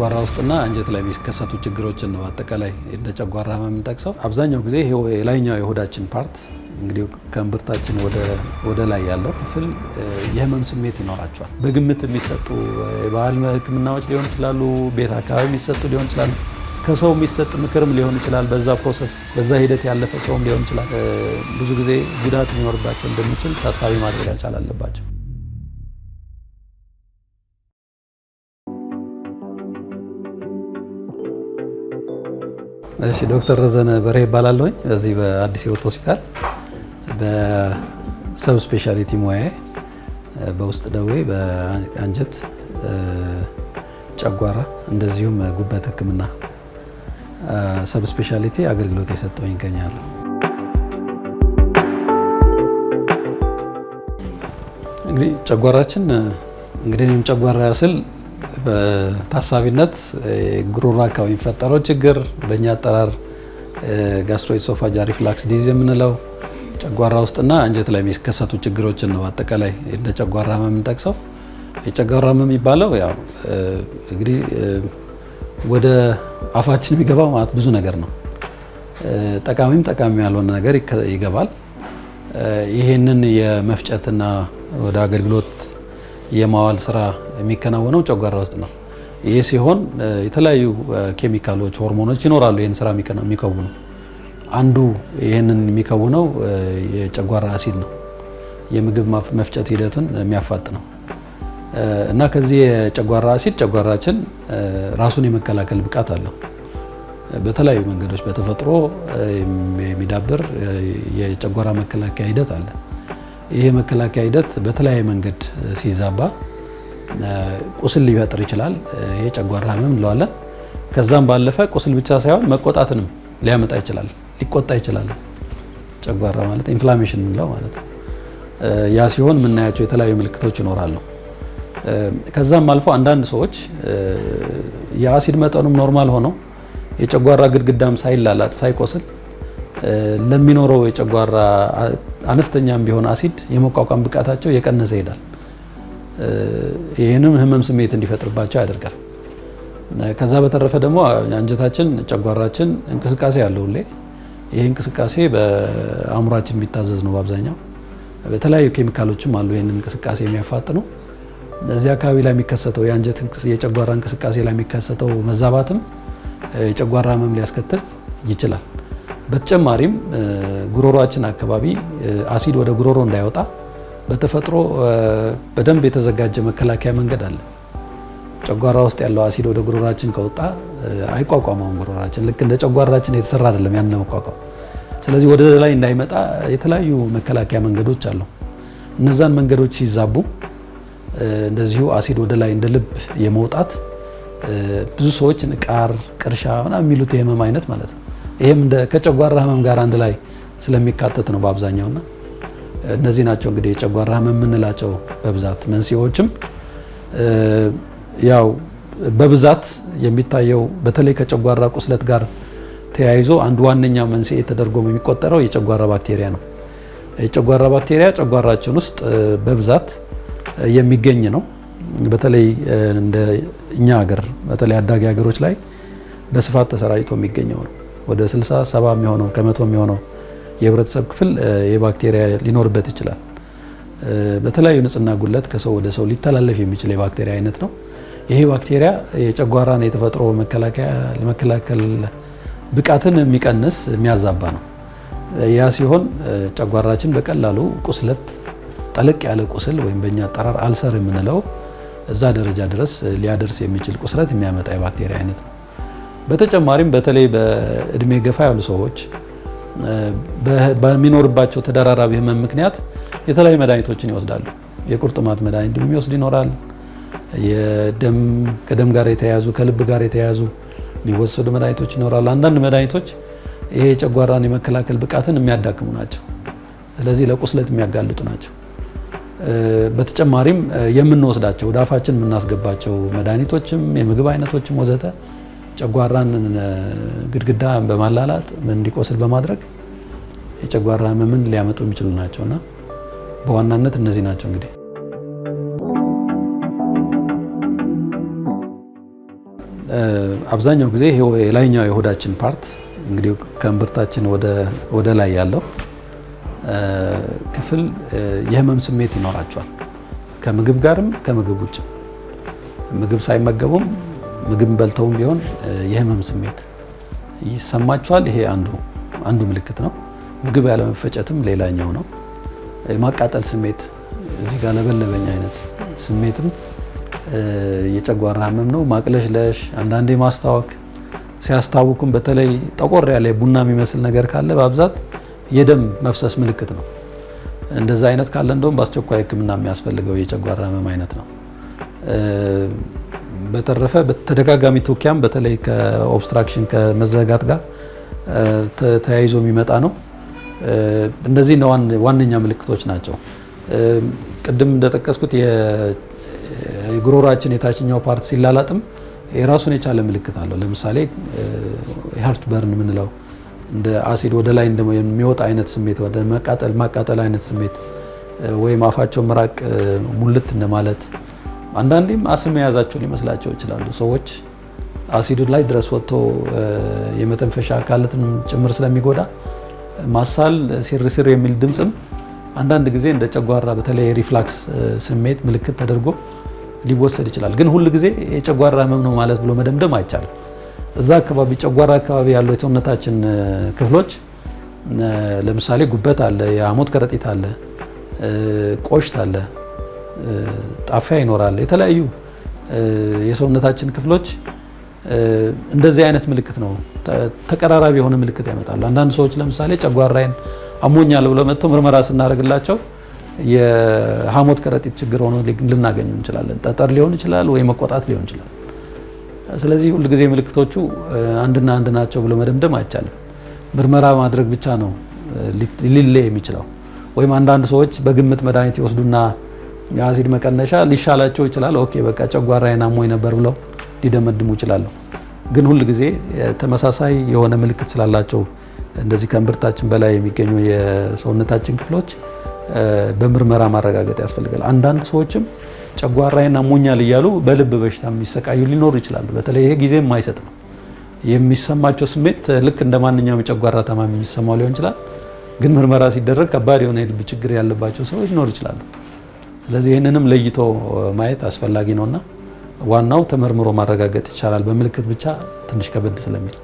ጨጓራ ውስጥና አንጀት ላይ የሚከሰቱ ችግሮችን ነው አጠቃላይ እንደ ጨጓራ ህመም ጠቅሰው አብዛኛው ጊዜ የላይኛው የሆዳችን ፓርት እንግዲህ ከእምብርታችን ወደ ላይ ያለው ክፍል የህመም ስሜት ይኖራቸዋል። በግምት የሚሰጡ የባህል ህክምናዎች ሊሆን ይችላሉ፣ ቤት አካባቢ የሚሰጡ ሊሆን ይችላሉ፣ ከሰው የሚሰጥ ምክርም ሊሆን ይችላል። በዛ ፕሮሰስ በዛ ሂደት ያለፈ ሰውም ሊሆን ይችላል። ብዙ ጊዜ ጉዳት ሊኖርባቸው እንደሚችል ታሳቢ ማድረግ አለባቸው። እሺ ዶክተር ረዘነ በርሄ ይባላለሁኝ። እዚህ በአዲስ ሕይወት ሆስፒታል በሰብ ስፔሻሊቲ ሙያዬ በውስጥ ደዌ፣ በአንጀት፣ ጨጓራ እንደዚሁም ጉበት ህክምና ሰብ ስፔሻሊቲ አገልግሎት እየሰጠው ይገኛለሁ። እንግዲህ ጨጓራችን እንግዲህ እኔም ጨጓራ ስል በታሳቢነት ጉሮሮ አካባቢ የሚፈጠረው ችግር በእኛ አጠራር ጋስትሮኢሶፋጃል ሪፍላክስ ዲዝ የምንለው ጨጓራ ውስጥና አንጀት ላይ የሚከሰቱ ችግሮችን ነው። አጠቃላይ እንደ ጨጓራ ህመም የምንጠቅሰው የጨጓራ ህመም የሚባለው ያው እንግዲህ ወደ አፋችን የሚገባው ማለት ብዙ ነገር ነው። ጠቃሚም ጠቃሚ ያልሆነ ነገር ይገባል። ይህንን የመፍጨትና ወደ አገልግሎት የማዋል ስራ የሚከናወነው ጨጓራ ውስጥ ነው። ይሄ ሲሆን የተለያዩ ኬሚካሎች፣ ሆርሞኖች ይኖራሉ ይህን ስራ የሚከውኑ። አንዱ ይህንን የሚከውነው የጨጓራ አሲድ ነው። የምግብ መፍጨት ሂደቱን የሚያፋጥ ነው እና ከዚህ የጨጓራ አሲድ ጨጓራችን ራሱን የመከላከል ብቃት አለው። በተለያዩ መንገዶች በተፈጥሮ የሚዳብር የጨጓራ መከላከያ ሂደት አለ። ይሄ መከላከያ ሂደት በተለያየ መንገድ ሲዛባ ቁስል ሊፈጥር ይችላል። ይሄ ጨጓራ ህመም እንለዋለን። ከዛም ባለፈ ቁስል ብቻ ሳይሆን መቆጣትንም ሊያመጣ ይችላል፣ ሊቆጣ ይችላል። ጨጓራ ማለት ኢንፍላሜሽን እንለው ማለት ነው። ያ ሲሆን የምናያቸው የተለያዩ ምልክቶች ይኖራሉ። ከዛም አልፎ አንዳንድ ሰዎች የአሲድ መጠኑም ኖርማል ሆነው የጨጓራ ግድግዳም ሳይላላጥ ሳይቆስል ለሚኖረው የጨጓራ አነስተኛም ቢሆን አሲድ የመቋቋም ብቃታቸው የቀነሰ ይሄዳል። ይህንም ህመም ስሜት እንዲፈጥርባቸው ያደርጋል። ከዛ በተረፈ ደግሞ አንጀታችን፣ ጨጓራችን እንቅስቃሴ ያለው ሁሌ ይህ እንቅስቃሴ በአእምሯችን የሚታዘዝ ነው። በአብዛኛው በተለያዩ ኬሚካሎችም አሉ ይህንን እንቅስቃሴ የሚያፋጥኑ። እዚህ አካባቢ ላይ የሚከሰተው የአንጀት የጨጓራ እንቅስቃሴ ላይ የሚከሰተው መዛባትም የጨጓራ ህመም ሊያስከትል ይችላል። በተጨማሪም ጉሮሮችን አካባቢ አሲድ ወደ ጉሮሮ እንዳይወጣ በተፈጥሮ በደንብ የተዘጋጀ መከላከያ መንገድ አለ። ጨጓራ ውስጥ ያለው አሲድ ወደ ጉሮራችን ከወጣ አይቋቋመውም። ጉሮራችን ልክ እንደ ጨጓራችን የተሰራ አይደለም ያን ለመቋቋም። ስለዚህ ወደ ላይ እንዳይመጣ የተለያዩ መከላከያ መንገዶች አሉ። እነዛን መንገዶች ሲዛቡ እንደዚሁ አሲድ ወደ ላይ እንደ ልብ የመውጣት ብዙ ሰዎች ንቃር፣ ቅርሻ ምናምን የሚሉት የህመም አይነት ማለት ነው እንደ ከጨጓራ ህመም ጋር አንድ ላይ ስለሚካተት ነው በአብዛኛውና እነዚህ ናቸው እንግዲህ የጨጓራ ህመም የምንላቸው በብዛት መንስኤዎችም ያው በብዛት የሚታየው በተለይ ከጨጓራ ቁስለት ጋር ተያይዞ አንድ ዋነኛ መንስኤ ተደርጎ የሚቆጠረው የጨጓራ ባክቴሪያ ነው። የጨጓራ ባክቴሪያ ጨጓራችን ውስጥ በብዛት የሚገኝ ነው። በተለይ እንደ እኛ ሀገር በተለይ አዳጊ ሀገሮች ላይ በስፋት ተሰራጭቶ የሚገኘው ነው። ወደ 60 70 የሚሆነው ከመቶ የሚሆነው የህብረተሰብ ክፍል የባክቴሪያ ሊኖርበት ይችላል። በተለያዩ ንጽህና ጉለት ከሰው ወደ ሰው ሊተላለፍ የሚችል የባክቴሪያ አይነት ነው። ይሄ ባክቴሪያ የጨጓራን የተፈጥሮ መከላከያ ለመከላከል ብቃትን የሚቀንስ የሚያዛባ ነው። ያ ሲሆን ጨጓራችን በቀላሉ ቁስለት፣ ጠለቅ ያለ ቁስል ወይም በእኛ አጠራር አልሰር የምንለው እዛ ደረጃ ድረስ ሊያደርስ የሚችል ቁስለት የሚያመጣ የባክቴሪያ አይነት ነው። በተጨማሪም በተለይ በእድሜ ገፋ ያሉ ሰዎች በሚኖርባቸው ተደራራቢ ህመም ምክንያት የተለያዩ መድኃኒቶችን ይወስዳሉ። የቁርጥማት መድኃኒት የሚወስድ ይኖራል። የደም ከደም ጋር የተያያዙ ከልብ ጋር የተያያዙ የሚወሰዱ መድኃኒቶች ይኖራሉ። አንዳንድ መድኃኒቶች ይሄ የጨጓራን የመከላከል ብቃትን የሚያዳክሙ ናቸው። ስለዚህ ለቁስለት የሚያጋልጡ ናቸው። በተጨማሪም የምንወስዳቸው ወደ አፋችን የምናስገባቸው መድኃኒቶችም የምግብ አይነቶችም ወዘተ ጨጓራን ግድግዳ በማላላት እንዲቆስል በማድረግ የጨጓራ ህመምን ሊያመጡ የሚችሉ ናቸው እና በዋናነት እነዚህ ናቸው እንግዲህ አብዛኛው ጊዜ የላይኛው የሆዳችን ፓርት እንግዲህ ከእምብርታችን ወደ ላይ ያለው ክፍል የህመም ስሜት ይኖራቸዋል። ከምግብ ጋርም ከምግብ ውጭ ምግብ ሳይመገቡም ምግብ በልተውም ቢሆን የህመም ስሜት ይሰማቸዋል። ይሄ አንዱ አንዱ ምልክት ነው። ምግብ ያለመፈጨትም ሌላኛው ነው። የማቃጠል ስሜት እዚህ ጋር ለበለበኝ አይነት ስሜትም የጨጓራ ህመም ነው። ማቅለሽለሽ፣ አንዳንዴ ማስታወክ ሲያስታውኩም በተለይ ጠቆር ያለ ቡና የሚመስል ነገር ካለ በብዛት የደም መፍሰስ ምልክት ነው። እንደዛ አይነት ካለ እንደውም በአስቸኳይ ሕክምና የሚያስፈልገው የጨጓራ ህመም አይነት ነው። በተረፈ በተደጋጋሚ ቱኪያም በተለይ ከኦብስትራክሽን ከመዘጋት ጋር ተያይዞ የሚመጣ ነው። እነዚህ ዋነኛ ምልክቶች ናቸው። ቅድም እንደጠቀስኩት የጉሮሯችን የታችኛው ፓርት ሲላላጥም የራሱን የቻለ ምልክት አለው። ለምሳሌ የሀርት በርን የምንለው እንደ አሲድ ወደ ላይ የሚወጣ አይነት ስሜት፣ ወደ መቃጠል ማቃጠል አይነት ስሜት ወይም አፋቸው ምራቅ ሙልት እንደማለት አንዳንዴም አስም የያዛቸው ሊመስላቸው ይችላሉ ሰዎች አሲዱ ላይ ድረስ ወጥቶ የመተንፈሻ አካላትን ጭምር ስለሚጎዳ ማሳል ሲር የሚል ድምፅም አንዳንድ ጊዜ እንደ ጨጓራ በተለይ ሪፍላክስ ስሜት ምልክት ተደርጎ ሊወሰድ ይችላል። ግን ሁል ጊዜ የጨጓራ ህመም ነው ማለት ብሎ መደምደም አይቻልም። እዛ አካባቢ ጨጓራ አካባቢ ያለው የሰውነታችን ክፍሎች ለምሳሌ ጉበት አለ፣ የሐሞት ከረጢት አለ፣ ቆሽት አለ ጣፊያ ይኖራል። የተለያዩ የሰውነታችን ክፍሎች እንደዚህ አይነት ምልክት ነው፣ ተቀራራቢ የሆነ ምልክት ያመጣሉ። አንዳንድ ሰዎች ለምሳሌ ጨጓራዬን አሞኛል ብለው መጥተው ምርመራ ስናደርግላቸው የሐሞት ከረጢት ችግር ሆኖ ልናገኙ እንችላለን። ጠጠር ሊሆን ይችላል ወይ መቆጣት ሊሆን ይችላል። ስለዚህ ሁልጊዜ ምልክቶቹ አንድና አንድ ናቸው ብሎ መደምደም አይቻልም። ምርመራ ማድረግ ብቻ ነው ሊለይ የሚችለው። ወይም አንዳንድ ሰዎች በግምት መድኃኒት ይወስዱና የአሲድ መቀነሻ ሊሻላቸው ይችላል። ኦኬ በቃ ጨጓራዬን አሞኝ ነበር ብለው ሊደመድሙ ይችላሉ። ግን ሁል ጊዜ ተመሳሳይ የሆነ ምልክት ስላላቸው እንደዚህ ከእምብርታችን በላይ የሚገኙ የሰውነታችን ክፍሎች በምርመራ ማረጋገጥ ያስፈልጋል። አንዳንድ ሰዎችም ጨጓራዬን አሞኛል እያሉ በልብ በሽታ የሚሰቃዩ ሊኖሩ ይችላሉ። በተለይ ይሄ ጊዜ የማይሰጥ ነው። የሚሰማቸው ስሜት ልክ እንደ ማንኛውም የጨጓራ ታማሚ የሚሰማው ሊሆን ይችላል። ግን ምርመራ ሲደረግ ከባድ የሆነ የልብ ችግር ያለባቸው ሰዎች ሊኖሩ ይችላሉ። ስለዚህ ይህንንም ለይቶ ማየት አስፈላጊ እና ዋናው ተመርምሮ ማረጋገጥ ይቻላል። በምልክት ብቻ ትንሽ ከበድ ስለሚል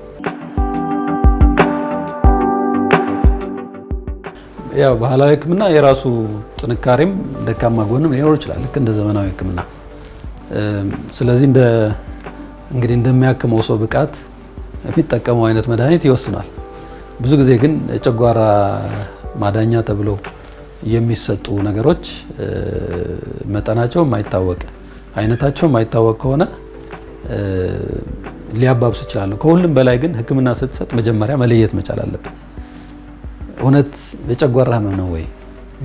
ያው ባህላዊ ሕክምና የራሱ ጥንካሬም ደካማ ጎንም ሊኖር ይችላል ልክ እንደ ዘመናዊ ሕክምና። ስለዚህ እንደ እንግዲህ እንደሚያክመው ሰው ብቃት የሚጠቀመው አይነት መድኃኒት ይወስናል። ብዙ ጊዜ ግን የጨጓራ ማዳኛ ተብሎ የሚሰጡ ነገሮች መጠናቸው የማይታወቅ አይነታቸው የማይታወቅ ከሆነ ሊያባብሱ ይችላሉ። ከሁሉም በላይ ግን ሕክምና ስትሰጥ መጀመሪያ መለየት መቻል አለብን። እውነት የጨጓራ ህመም ነው ወይ?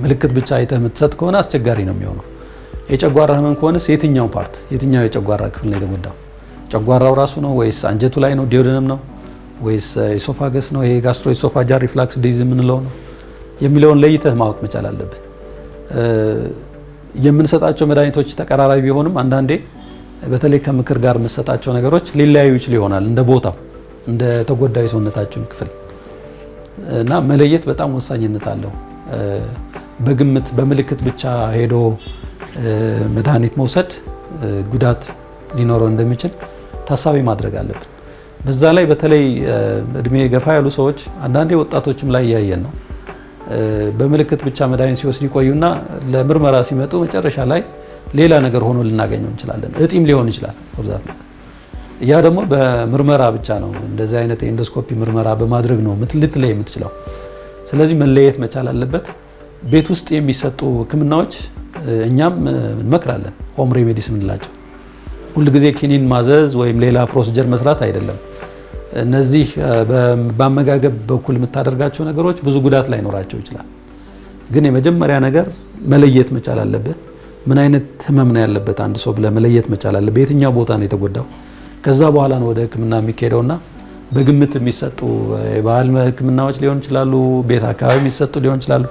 ምልክት ብቻ አይተህ የምትሰጥ ከሆነ አስቸጋሪ ነው የሚሆነው። የጨጓራ ህመም ከሆነስ የትኛው ፓርት፣ የትኛው የጨጓራ ክፍል ነው የተጎዳው? ጨጓራው ራሱ ነው ወይስ አንጀቱ ላይ ነው? ዲዮደንም ነው ወይስ ኢሶፋገስ ነው? ይሄ ጋስትሮ ኢሶፋጃ ሪፍላክስ ዲዚዝ የምንለው ነው የሚለውን ለይተህ ማወቅ መቻል አለብህ። የምንሰጣቸው መድኃኒቶች ተቀራራቢ ቢሆንም አንዳንዴ በተለይ ከምክር ጋር የምንሰጣቸው ነገሮች ሊለያዩ ይችል ይሆናል እንደ ቦታው እንደ ተጎዳዩ ሰውነታችን ክፍል እና መለየት በጣም ወሳኝነት አለው። በግምት በምልክት ብቻ ሄዶ መድኃኒት መውሰድ ጉዳት ሊኖረው እንደሚችል ታሳቢ ማድረግ አለብን። በዛ ላይ በተለይ እድሜ ገፋ ያሉ ሰዎች አንዳንዴ ወጣቶችም ላይ እያየን ነው በምልክት ብቻ መድኃኒት ሲወስድ ይቆዩና ለምርመራ ሲመጡ መጨረሻ ላይ ሌላ ነገር ሆኖ ልናገኘው እንችላለን። እጢም ሊሆን ይችላል ብዛት። ያ ደግሞ በምርመራ ብቻ ነው። እንደዚህ አይነት የኢንዶስኮፒ ምርመራ በማድረግ ነው ልትለይ የምትችለው። ስለዚህ መለየት መቻል አለበት። ቤት ውስጥ የሚሰጡ ሕክምናዎች እኛም እንመክራለን። ሆም ሬሜዲስ ምንላቸው ሁልጊዜ ኪኒን ማዘዝ ወይም ሌላ ፕሮሲጀር መስራት አይደለም። እነዚህ በአመጋገብ በኩል የምታደርጋቸው ነገሮች ብዙ ጉዳት ላይኖራቸው ይችላል። ግን የመጀመሪያ ነገር መለየት መቻል አለብህ። ምን አይነት ህመም ነው ያለበት አንድ ሰው ብለህ መለየት መቻል አለብህ። የትኛው ቦታ ነው የተጎዳው? ከዛ በኋላ ነው ወደ ህክምና የሚካሄደውና በግምት የሚሰጡ የባህል ህክምናዎች ሊሆን ይችላሉ፣ ቤት አካባቢ የሚሰጡ ሊሆን ይችላሉ፣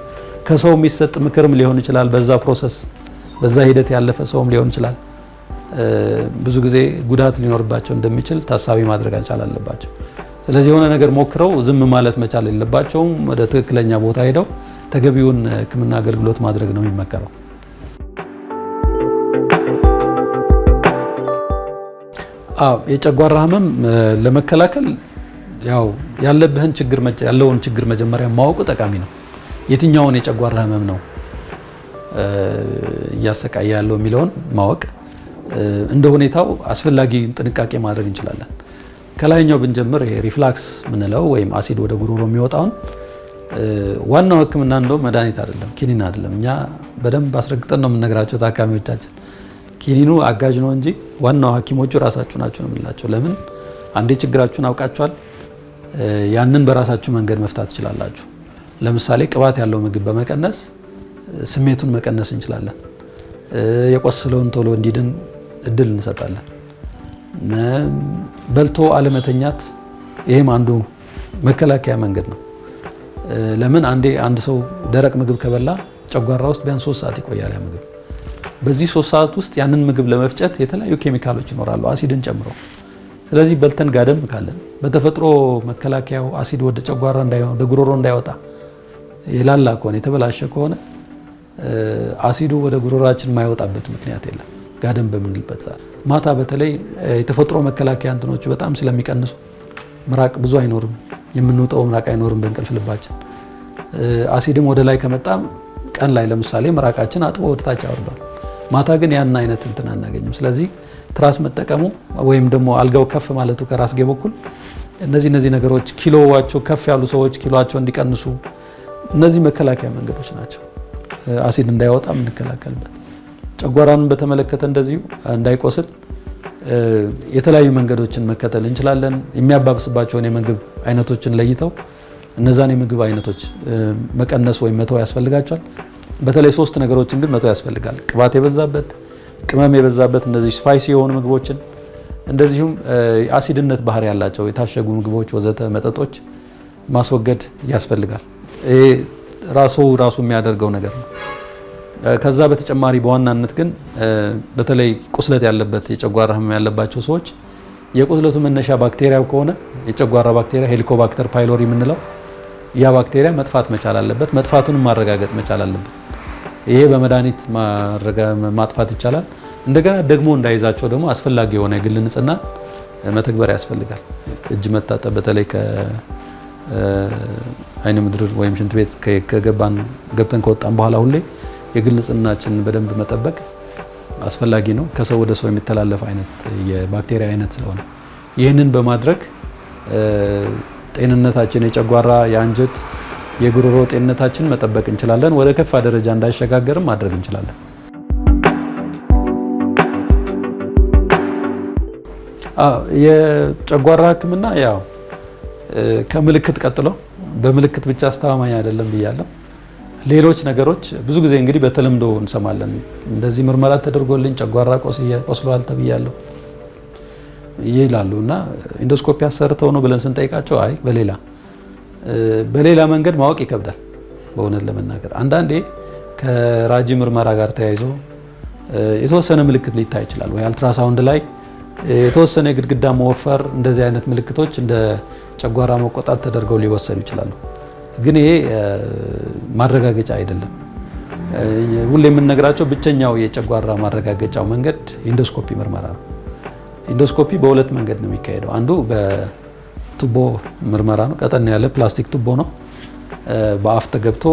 ከሰው የሚሰጥ ምክርም ሊሆን ይችላል። በዛ ፕሮሰስ በዛ ሂደት ያለፈ ሰውም ሊሆን ይችላል። ብዙ ጊዜ ጉዳት ሊኖርባቸው እንደሚችል ታሳቢ ማድረግ አልቻል አለባቸው። ስለዚህ የሆነ ነገር ሞክረው ዝም ማለት መቻል የለባቸውም። ወደ ትክክለኛ ቦታ ሄደው ተገቢውን ሕክምና አገልግሎት ማድረግ ነው የሚመከረው። የጨጓራ ህመም ለመከላከል ያው ያለብህን ችግር ያለውን ችግር መጀመሪያ ማወቁ ጠቃሚ ነው። የትኛውን የጨጓራ ህመም ነው እያሰቃየ ያለው የሚለውን ማወቅ እንደ ሁኔታው አስፈላጊ ጥንቃቄ ማድረግ እንችላለን። ከላይኛው ብንጀምር ሪፍላክስ ምንለው ወይም አሲድ ወደ ጉሮሮ የሚወጣውን ዋናው ሕክምና እንደውም መድኃኒት አይደለም፣ ኪኒን አይደለም። እኛ በደንብ አስረግጠን ነው የምንነግራቸው ታካሚዎቻችን። ኪኒኑ አጋዥ ነው እንጂ ዋናው ሐኪሞቹ ራሳችሁ ናቸው ነው የምንላቸው። ለምን አንዴ ችግራችሁን አውቃችኋል፣ ያንን በራሳችሁ መንገድ መፍታት ትችላላችሁ። ለምሳሌ ቅባት ያለው ምግብ በመቀነስ ስሜቱን መቀነስ እንችላለን። የቆሰለውን ቶሎ እንዲድን እድል እንሰጣለን። በልቶ አለመተኛት ይህም አንዱ መከላከያ መንገድ ነው። ለምን አንዴ አንድ ሰው ደረቅ ምግብ ከበላ ጨጓራ ውስጥ ቢያንስ ሶስት ሰዓት ይቆያል ያ ምግብ። በዚህ ሶስት ሰዓት ውስጥ ያንን ምግብ ለመፍጨት የተለያዩ ኬሚካሎች ይኖራሉ አሲድን ጨምሮ። ስለዚህ በልተን ጋደም ካለን በተፈጥሮ መከላከያው አሲድ ወደ ጨጓራ ወደ ጉሮሮ እንዳይወጣ የላላ ከሆነ የተበላሸ ከሆነ አሲዱ ወደ ጉሮሯችን የማይወጣበት ምክንያት የለም። ጋደም በምንልበት ሰዓት ማታ በተለይ የተፈጥሮ መከላከያ እንትኖቹ በጣም ስለሚቀንሱ ምራቅ ብዙ አይኖርም፣ የምንውጠው ምራቅ አይኖርም በእንቅልፍ ልባችን። አሲድም ወደ ላይ ከመጣም ቀን ላይ ለምሳሌ ምራቃችን አጥቦ ወደታች ታች አውርዷል። ማታ ግን ያን አይነት እንትን አናገኝም። ስለዚህ ትራስ መጠቀሙ ወይም ደግሞ አልጋው ከፍ ማለቱ ከራስጌ በኩል እነዚህ እነዚህ ነገሮች ኪሎዋቸው ከፍ ያሉ ሰዎች ኪሎቸው እንዲቀንሱ እነዚህ መከላከያ መንገዶች ናቸው፣ አሲድ እንዳይወጣ የምንከላከልበት ጨጓራን በተመለከተ እንደዚሁ እንዳይቆስል የተለያዩ መንገዶችን መከተል እንችላለን። የሚያባብስባቸውን የምግብ አይነቶችን ለይተው እነዛን የምግብ አይነቶች መቀነስ ወይም መተው ያስፈልጋቸዋል። በተለይ ሶስት ነገሮችን ግን መተው ያስፈልጋል። ቅባት የበዛበት፣ ቅመም የበዛበት እነዚህ ስፓይሲ የሆኑ ምግቦችን እንደዚሁም የአሲድነት ባህሪ ያላቸው የታሸጉ ምግቦች ወዘተ መጠጦች ማስወገድ ያስፈልጋል። ይሄ ራሱ ራሱ የሚያደርገው ነገር ነው። ከዛ በተጨማሪ በዋናነት ግን በተለይ ቁስለት ያለበት የጨጓራ ህመም ያለባቸው ሰዎች የቁስለቱ መነሻ ባክቴሪያው ከሆነ የጨጓራ ባክቴሪያ ሄሊኮባክተር ፓይሎሪ የምንለው ያ ባክቴሪያ መጥፋት መቻል አለበት። መጥፋቱንም ማረጋገጥ መቻል አለበት። ይሄ በመድኃኒት ማጥፋት ይቻላል። እንደገና ደግሞ እንዳይዛቸው ደግሞ አስፈላጊ የሆነ የግል ንጽህና መተግበር ያስፈልጋል። እጅ መታጠብ በተለይ ከአይነ ምድር ወይም ሽንት ቤት ከገባን ገብተን ከወጣን በኋላ ሁሌ የግል በደንብ መጠበቅ አስፈላጊ ነው። ከሰው ወደ ሰው የሚተላለፍ አይነት የባክቴሪያ አይነት ስለሆነ ይህንን በማድረግ ጤንነታችን የጨጓራ፣ የአንጀት፣ የጉሮሮ ጤንነታችን መጠበቅ እንችላለን። ወደ ከፋ ደረጃ እንዳይሸጋገርም ማድረግ እንችላለን። የጨጓራ ሕክምና ያው ከምልክት ቀጥሎ በምልክት ብቻ አስተማማኝ አይደለም ብያለሁ። ሌሎች ነገሮች ብዙ ጊዜ እንግዲህ በተለምዶ እንሰማለን። እንደዚህ ምርመራ ተደርጎልኝ ጨጓራ ቆስሏል ተብያለሁ ይላሉ እና ኢንዶስኮፒ አሰርተው ነው ብለን ስንጠይቃቸው አይ በሌላ በሌላ መንገድ ማወቅ ይከብዳል። በእውነት ለመናገር አንዳንዴ ከራጂ ምርመራ ጋር ተያይዞ የተወሰነ ምልክት ሊታይ ይችላል ወይ አልትራሳውንድ ላይ የተወሰነ የግድግዳ መወፈር፣ እንደዚህ አይነት ምልክቶች እንደ ጨጓራ መቆጣት ተደርገው ሊወሰዱ ይችላሉ። ግን ይሄ ማረጋገጫ አይደለም። ሁሌ የምንነግራቸው ብቸኛው የጨጓራ ማረጋገጫው መንገድ ኢንዶስኮፒ ምርመራ ነው። ኢንዶስኮፒ በሁለት መንገድ ነው የሚካሄደው። አንዱ በቱቦ ምርመራ ነው። ቀጠን ያለ ፕላስቲክ ቱቦ ነው። በአፍ ተገብቶ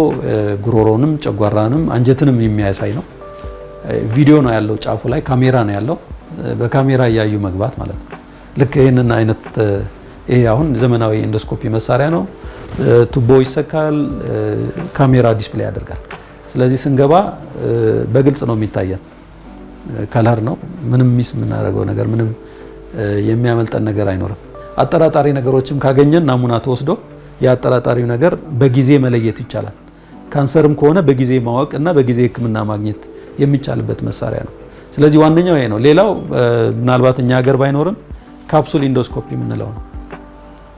ጉሮሮንም ጨጓራንም አንጀትንም የሚያሳይ ነው። ቪዲዮ ነው ያለው፣ ጫፉ ላይ ካሜራ ነው ያለው። በካሜራ እያዩ መግባት ማለት ነው። ልክ ይህንን አይነት ይሄ አሁን ዘመናዊ ኢንዶስኮፒ መሳሪያ ነው። ቱቦ ይሰካል፣ ካሜራ ዲስፕሌይ ያደርጋል። ስለዚህ ስንገባ በግልጽ ነው የሚታየን። ከለር ነው ምንም ሚስ የምናደርገው ነገር ምንም የሚያመልጠን ነገር አይኖርም። አጠራጣሪ ነገሮችም ካገኘን ናሙና ተወስዶ የአጠራጣሪው ነገር በጊዜ መለየት ይቻላል። ካንሰርም ከሆነ በጊዜ ማወቅ እና በጊዜ ሕክምና ማግኘት የሚቻልበት መሳሪያ ነው። ስለዚህ ዋነኛው ይሄ ነው። ሌላው ምናልባት እኛ ሀገር ባይኖርም ካፕሱል ኢንዶስኮፒ የምንለው ነው።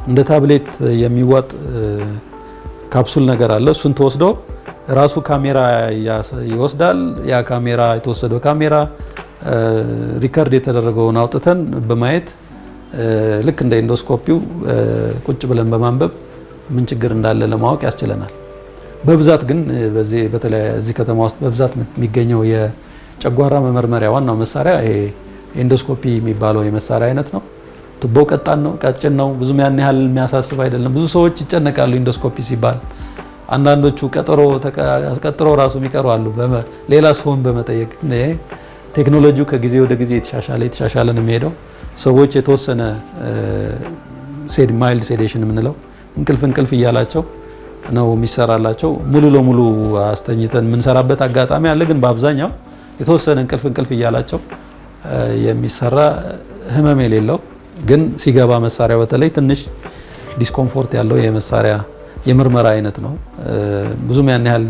እንደ ታብሌት የሚዋጥ ካፕሱል ነገር አለ። እሱን ተወስዶ ራሱ ካሜራ ይወስዳል። ያ ካሜራ የተወሰደው ካሜራ ሪከርድ የተደረገውን አውጥተን በማየት ልክ እንደ ኢንዶስኮፒው ቁጭ ብለን በማንበብ ምን ችግር እንዳለ ለማወቅ ያስችለናል። በብዛት ግን በዚህ በተለይ እዚህ ከተማ ውስጥ በብዛት የሚገኘው የጨጓራ መመርመሪያ ዋናው መሳሪያ ኢንዶስኮፒ የሚባለው የመሳሪያ አይነት ነው። ቱቦ ቀጣን ነው ቀጭን ነው ብዙም ያን ያህል የሚያሳስብ አይደለም። ብዙ ሰዎች ይጨነቃሉ ኢንዶስኮፒ ሲባል። አንዳንዶቹ ቀጠሮ አስቀጥሮ ራሱ የሚቀሩ አሉ፣ ሌላ ሰውን በመጠየቅ ቴክኖሎጂው ከጊዜ ወደ ጊዜ የተሻሻለ የተሻሻለ ነው የሚሄደው። ሰዎች የተወሰነ ማይልድ ሴዴሽን የምንለው እንቅልፍ እንቅልፍ እያላቸው ነው የሚሰራላቸው። ሙሉ ለሙሉ አስተኝተን የምንሰራበት አጋጣሚ አለ፣ ግን በአብዛኛው የተወሰነ እንቅልፍ እንቅልፍ እያላቸው የሚሰራ ህመም የሌለው ግን ሲገባ መሳሪያ በተለይ ትንሽ ዲስኮምፎርት ያለው የመሳሪያ የምርመራ አይነት ነው። ብዙም ያን ያህል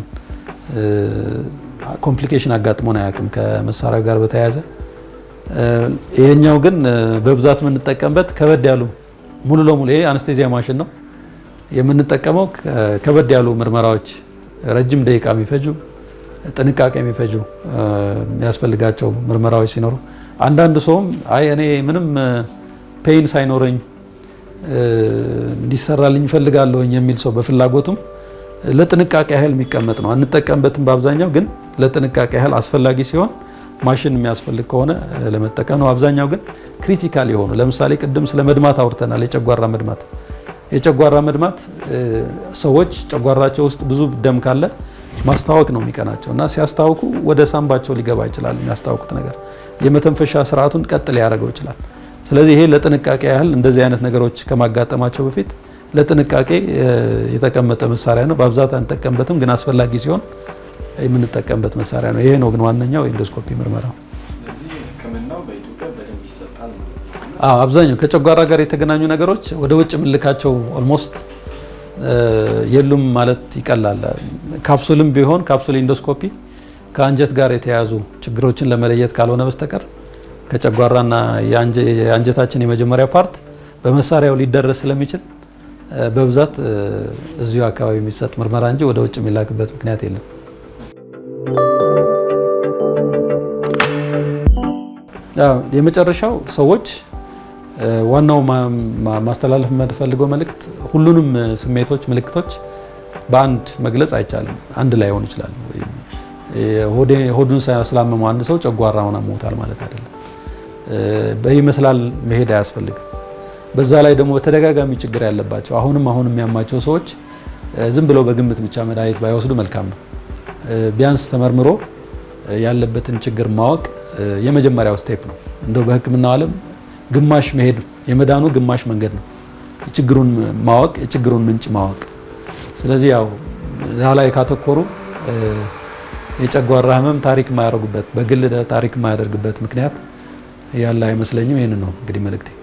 ኮምፕሊኬሽን አጋጥሞን አያውቅም ከመሳሪያው ጋር በተያያዘ። ይሄኛው ግን በብዛት የምንጠቀምበት ከበድ ያሉ ሙሉ ለሙሉ ይሄ አነስቴዚያ ማሽን ነው የምንጠቀመው ከበድ ያሉ ምርመራዎች ረጅም ደቂቃ የሚፈጁ ጥንቃቄ የሚፈጁ የሚያስፈልጋቸው ምርመራዎች ሲኖሩ አንዳንድ ሰውም አይ እኔ ምንም ፔይን ሳይኖረኝ እንዲሰራልኝ ይፈልጋለሁኝ የሚል ሰው በፍላጎቱም ለጥንቃቄ ያህል የሚቀመጥ ነው። አንጠቀምበትም በአብዛኛው ግን ለጥንቃቄ ያህል አስፈላጊ ሲሆን ማሽን የሚያስፈልግ ከሆነ ለመጠቀም ነው። አብዛኛው ግን ክሪቲካል የሆኑ ለምሳሌ ቅድም ስለ መድማት አውርተናል። የጨጓራ መድማት የጨጓራ መድማት ሰዎች ጨጓራቸው ውስጥ ብዙ ደም ካለ ማስታወክ ነው የሚቀናቸው እና ሲያስታውኩ ወደ ሳምባቸው ሊገባ ይችላል። የሚያስታወቁት ነገር የመተንፈሻ ስርዓቱን ቀጥ ሊያደርገው ይችላል። ስለዚህ ይሄ ለጥንቃቄ ያህል እንደዚህ አይነት ነገሮች ከማጋጠማቸው በፊት ለጥንቃቄ የተቀመጠ መሳሪያ ነው። በብዛት አንጠቀምበትም፣ ግን አስፈላጊ ሲሆን የምንጠቀምበት መሳሪያ ነው። ይሄ ነው ግን ዋነኛው የኢንዶስኮፒ ምርመራ። አብዛኛው ከጨጓራ ጋር የተገናኙ ነገሮች ወደ ውጭ ምልካቸው ኦልሞስት የሉም ማለት ይቀላል። ካፕሱልም ቢሆን ካፕሱል ኢንዶስኮፒ ከአንጀት ጋር የተያያዙ ችግሮችን ለመለየት ካልሆነ በስተቀር ከጨጓራና የአንጀታችን የመጀመሪያ ፓርት በመሳሪያው ሊደረስ ስለሚችል በብዛት እዚሁ አካባቢ የሚሰጥ ምርመራ እንጂ ወደ ውጭ የሚላክበት ምክንያት የለም። የመጨረሻው ሰዎች ዋናው ማስተላለፍ የምፈልገው መልእክት ሁሉንም ስሜቶች፣ ምልክቶች በአንድ መግለጽ አይቻልም። አንድ ላይ ሆን ይችላል። ሆዱን ስላመመው አንድ ሰው ጨጓራውን አሞታል ማለት አይደለም። በይመስላል መሄድ አያስፈልግም። በዛ ላይ ደግሞ ተደጋጋሚ ችግር ያለባቸው አሁንም አሁን ያማቸው ሰዎች ዝም ብለው በግምት ብቻ መድኃኒት ባይወስዱ መልካም ነው። ቢያንስ ተመርምሮ ያለበትን ችግር ማወቅ የመጀመሪያው ስቴፕ ነው። እንደው በሕክምናው ዓለም ግማሽ መሄድ የመዳኑ ግማሽ መንገድ ነው፣ የችግሩን ማወቅ የችግሩን ምንጭ ማወቅ። ስለዚህ ያው እዛ ላይ ካተኮሩ የጨጓራ ህመም ታሪክ የማያደርጉበት በግል ታሪክ የማያደርግበት ምክንያት ያለ አይመስለኝም። ይህን ነው እንግዲህ መልእክቴ።